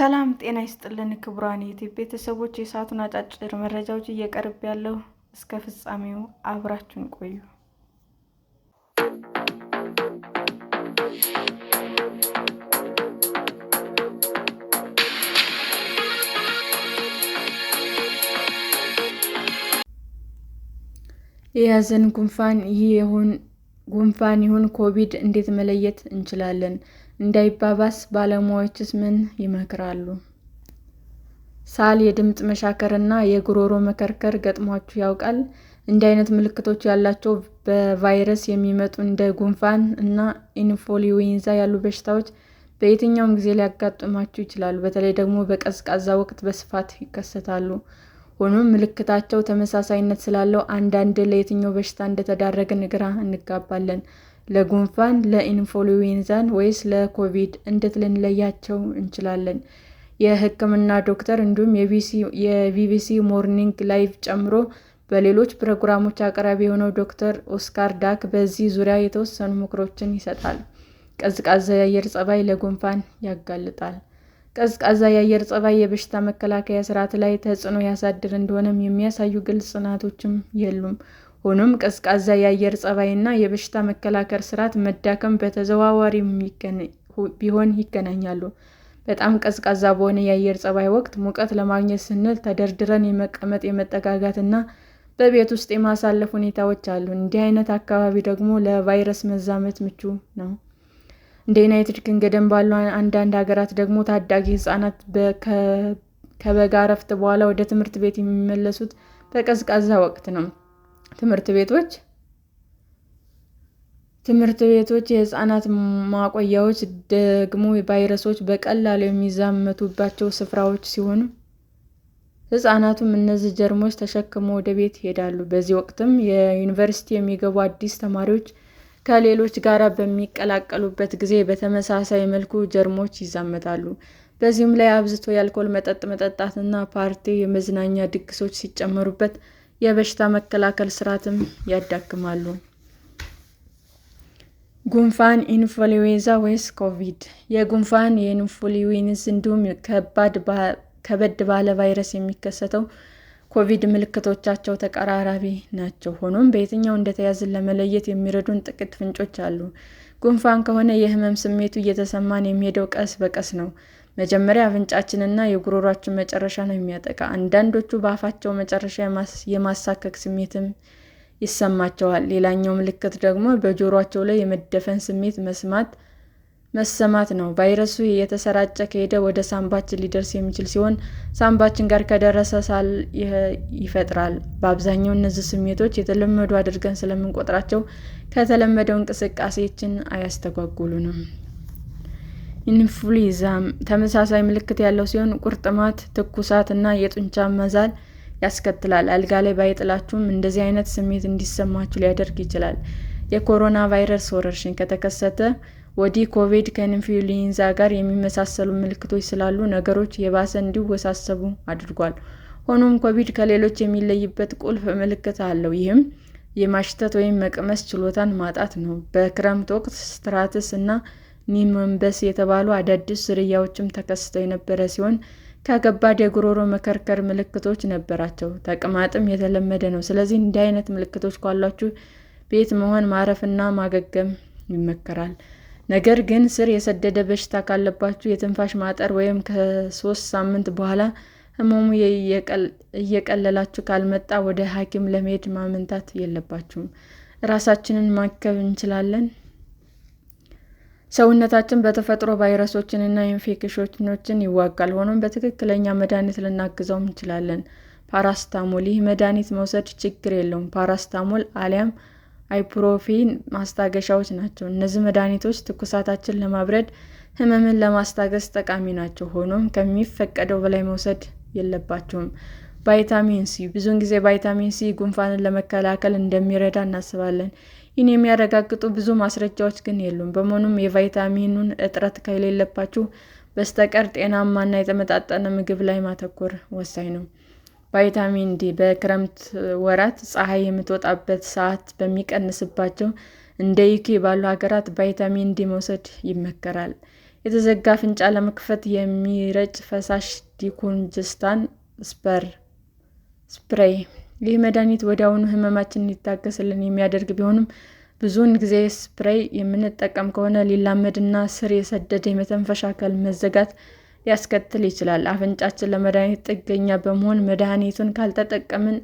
ሰላም ጤና ይስጥልን ክቡራን ዩቲዩብ ቤተሰቦች፣ የሰዓቱን አጫጭር መረጃዎች እየቀርብ ያለው እስከ ፍጻሜው አብራችሁን ቆዩ። የያዘን ጉንፋን ይሁን ኮቪድ እንዴት መለየት እንችላለን? እንዳይባባስ ባለሙያዎችስ ምን ይመክራሉ? ሳል፣ የድምፅ መሻከር እና የጉሮሮ መከርከር ገጥሟችሁ ያውቃል? እንዲህ አይነት ምልክቶች ያላቸው በቫይረስ የሚመጡ እንደ ጉንፋን እና ኢንፍሉዌንዛ ያሉ በሽታዎች በየትኛውም ጊዜ ሊያጋጥማችሁ ይችላሉ። በተለይ ደግሞ በቀዝቃዛ ወቅት በስፋት ይከሰታሉ። ሆኖም ምልክታቸው ተመሳሳይነት ስላለው አንዳንድ ለየትኛው በሽታ እንደተዳረግን ግራ እንጋባለን። ለጉንፋን፣ ለኢንፍሉዌንዛን ወይስ ለኮቪድ እንዴት ልንለያቸው እንችላለን? የህክምና ዶክተር እንዲሁም የቢቢሲ ሞርኒንግ ላይቭ ጨምሮ በሌሎች ፕሮግራሞች አቅራቢ የሆነው ዶክተር ኦስካር ዳክ በዚህ ዙሪያ የተወሰኑ ምክሮችን ይሰጣል። ቀዝቃዛ የአየር ጸባይ ለጉንፋን ያጋልጣል። ቀዝቃዛ የአየር ጸባይ የበሽታ መከላከያ ስርዓት ላይ ተጽዕኖ ያሳድር እንደሆነም የሚያሳዩ ግልጽ ጥናቶችም የሉም። ሆኖም ቀዝቃዛ የአየር ጸባይና የበሽታ መከላከል ስርዓት መዳከም በተዘዋዋሪ ቢሆን ይገናኛሉ። በጣም ቀዝቃዛ በሆነ የአየር ጸባይ ወቅት ሙቀት ለማግኘት ስንል ተደርድረን የመቀመጥ፣ የመጠጋጋት እና በቤት ውስጥ የማሳለፍ ሁኔታዎች አሉ። እንዲህ አይነት አካባቢ ደግሞ ለቫይረስ መዛመት ምቹ ነው። እንደ ዩናይትድ ኪንግደም ባሉ አንዳንድ ሀገራት ደግሞ ታዳጊ ህጻናት ከበጋ እረፍት በኋላ ወደ ትምህርት ቤት የሚመለሱት በቀዝቃዛ ወቅት ነው። ትምህርት ቤቶች ትምህርት ቤቶች፣ የህፃናት ማቆያዎች ደግሞ ቫይረሶች በቀላሉ የሚዛመቱባቸው ስፍራዎች ሲሆኑ ህፃናቱም እነዚህ ጀርሞች ተሸክሞ ወደ ቤት ይሄዳሉ። በዚህ ወቅትም የዩኒቨርሲቲ የሚገቡ አዲስ ተማሪዎች ከሌሎች ጋር በሚቀላቀሉበት ጊዜ በተመሳሳይ መልኩ ጀርሞች ይዛመታሉ። በዚህም ላይ አብዝቶ የአልኮል መጠጥ መጠጣትና ፓርቲ፣ የመዝናኛ ድግሶች ሲጨመሩበት የበሽታ መከላከል ስርዓትም ያዳክማሉ። ጉንፋን፣ ኢንፍሉዌንዛ ወይስ ኮቪድ? የጉንፋን የኢንፍሉዌንዝ እንዲሁም ከበድ ባለ ቫይረስ የሚከሰተው ኮቪድ ምልክቶቻቸው ተቀራራቢ ናቸው። ሆኖም በየትኛው እንደተያዝን ለመለየት የሚረዱን ጥቂት ፍንጮች አሉ። ጉንፋን ከሆነ የህመም ስሜቱ እየተሰማን የሚሄደው ቀስ በቀስ ነው። መጀመሪያ አፍንጫችንና የጉሮሮአችን መጨረሻ ነው የሚያጠቃ። አንዳንዶቹ በአፋቸው መጨረሻ የማሳከክ ስሜትም ይሰማቸዋል። ሌላኛው ምልክት ደግሞ በጆሮአቸው ላይ የመደፈን ስሜት መስማት መሰማት ነው። ቫይረሱ እየተሰራጨ ከሄደ ወደ ሳምባችን ሊደርስ የሚችል ሲሆን ሳምባችን ጋር ከደረሰ ሳል ይፈጥራል። በአብዛኛው እነዚህ ስሜቶች የተለመዱ አድርገን ስለምንቆጥራቸው ከተለመደው እንቅስቃሴችን አያስተጓጉሉንም። ኢንፍሉዌንዛም ተመሳሳይ ምልክት ያለው ሲሆን ቁርጥማት፣ ትኩሳት እና የጡንቻ መዛል ያስከትላል። አልጋ ላይ ባይጥላችሁም እንደዚህ አይነት ስሜት እንዲሰማችሁ ሊያደርግ ይችላል። የኮሮና ቫይረስ ወረርሽኝ ከተከሰተ ወዲህ ኮቪድ ከኢንፍሉዌንዛ ጋር የሚመሳሰሉ ምልክቶች ስላሉ ነገሮች የባሰ እንዲወሳሰቡ አድርጓል። ሆኖም ኮቪድ ከሌሎች የሚለይበት ቁልፍ ምልክት አለው፤ ይህም የማሽተት ወይም መቅመስ ችሎታን ማጣት ነው። በክረምት ወቅት ስትራትስ እና ኒመንበስ የተባሉ አዳዲስ ዝርያዎችም ተከስተው የነበረ ሲሆን ከከባድ የጉሮሮ መከርከር ምልክቶች ነበራቸው። ተቅማጥም የተለመደ ነው። ስለዚህ እንዲህ አይነት ምልክቶች ካሏችሁ ቤት መሆን ማረፍና ማገገም ይመከራል። ነገር ግን ስር የሰደደ በሽታ ካለባችሁ የትንፋሽ ማጠር ወይም ከሶስት ሳምንት በኋላ ህመሙ እየቀለላችሁ ካልመጣ ወደ ሐኪም ለመሄድ ማመንታት የለባችሁም። ራሳችንን ማከብ እንችላለን። ሰውነታችን በተፈጥሮ እና ኢንፌክሽኖችን ይዋጋል። ሆኖም በትክክለኛ መድኃኒት ልናግዘው እንችላለን። ፓራስታሞል ይህ መድኃኒት መውሰድ ችግር የለውም። ፓራስታሞል አሊያም አይፕሮፌን ማስታገሻዎች ናቸው። እነዚህ መድኃኒቶች ትኩሳታችንን ለማብረድ፣ ህመምን ለማስታገስ ጠቃሚ ናቸው። ሆኖም ከሚፈቀደው በላይ መውሰድ የለባቸውም። ቫይታሚን ሲ ብዙውን ጊዜ ቫይታሚን ሲ ጉንፋንን ለመከላከል እንደሚረዳ እናስባለን። ይህን የሚያረጋግጡ ብዙ ማስረጃዎች ግን የሉም። በመሆኑም የቫይታሚኑን እጥረት ከሌለባችሁ በስተቀር ጤናማና የተመጣጠነ ምግብ ላይ ማተኮር ወሳኝ ነው። ቫይታሚን ዲ በክረምት ወራት ፀሐይ የምትወጣበት ሰዓት በሚቀንስባቸው እንደ ዩኬ ባሉ ሀገራት ቫይታሚን ዲ መውሰድ ይመከራል። የተዘጋ አፍንጫ ለመክፈት የሚረጭ ፈሳሽ ስፐር ስፕሬይ ይህ መድኃኒት ወዲያውኑ ህመማችን እንዲታገስልን የሚያደርግ ቢሆንም ብዙውን ጊዜ ስፕሬይ የምንጠቀም ከሆነ ሊላመድና ስር የሰደደ የመተንፈሻ አካል መዘጋት ሊያስከትል ይችላል። አፍንጫችን ለመድኃኒት ጥገኛ በመሆን መድኃኒቱን ካልተጠቀምን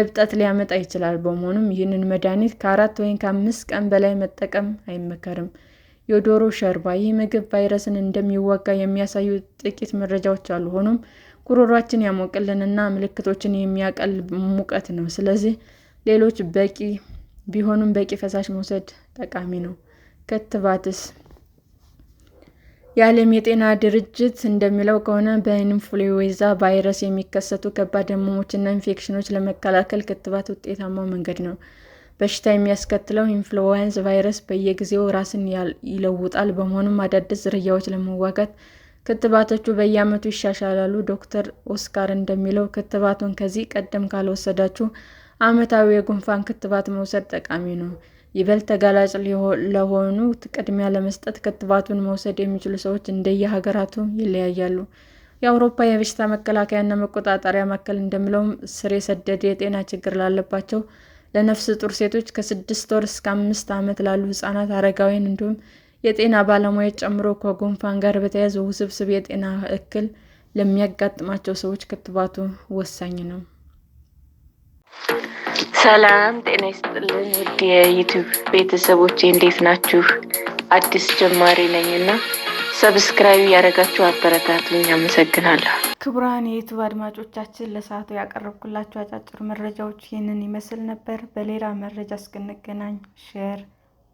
እብጠት ሊያመጣ ይችላል። በመሆኑም ይህንን መድኃኒት ከአራት ወይም ከአምስት ቀን በላይ መጠቀም አይመከርም። የዶሮ ሾርባ ይህ ምግብ ቫይረስን እንደሚዋጋ የሚያሳዩ ጥቂት መረጃዎች አሉ። ሆኖም ጉሮሯችን ያሞቅልንና ምልክቶችን የሚያቀል ሙቀት ነው። ስለዚህ ሌሎች በቂ ቢሆኑም በቂ ፈሳሽ መውሰድ ጠቃሚ ነው። ክትባትስ? የዓለም የጤና ድርጅት እንደሚለው ከሆነ በኢንፍሉዌንዛ ቫይረስ የሚከሰቱ ከባድ ህመሞችና ኢንፌክሽኖች ለመከላከል ክትባት ውጤታማ መንገድ ነው። በሽታ የሚያስከትለው ኢንፍሉዌንዛ ቫይረስ በየጊዜው ራስን ይለውጣል። በመሆኑም አዳዲስ ዝርያዎች ለመዋጋት ክትባቶቹ በየዓመቱ ይሻሻላሉ። ዶክተር ኦስካር እንደሚለው ክትባቱን ከዚህ ቀደም ካልወሰዳችሁ ዓመታዊ የጉንፋን ክትባት መውሰድ ጠቃሚ ነው። ይበልጥ ተጋላጭ ለሆኑ ቅድሚያ ለመስጠት ክትባቱን መውሰድ የሚችሉ ሰዎች እንደየሀገራቱ ይለያያሉ። የአውሮፓ የበሽታ መከላከያና መቆጣጠሪያ ማዕከል እንደሚለው ስር የሰደደ የጤና ችግር ላለባቸው ለነፍስ ጡር ሴቶች፣ ከስድስት ወር እስከ አምስት ዓመት ላሉ ህጻናት፣ አረጋውያን እንዲሁም የጤና ባለሙያዎች ጨምሮ ከጉንፋን ጋር በተያያዘ ውስብስብ የጤና እክል ለሚያጋጥማቸው ሰዎች ክትባቱ ወሳኝ ነው። ሰላም ጤና ይስጥልን ውድ የዩቱብ ቤተሰቦች እንዴት ናችሁ? አዲስ ጀማሪ ነኝ እና ሰብስክራይብ ያደረጋችሁ አበረታትልኝ፣ አመሰግናለሁ። ክቡራን የዩቱብ አድማጮቻችን ለሰዓቱ ያቀረብኩላችሁ አጫጭር መረጃዎች ይህንን ይመስል ነበር። በሌላ መረጃ እስክንገናኝ ሼር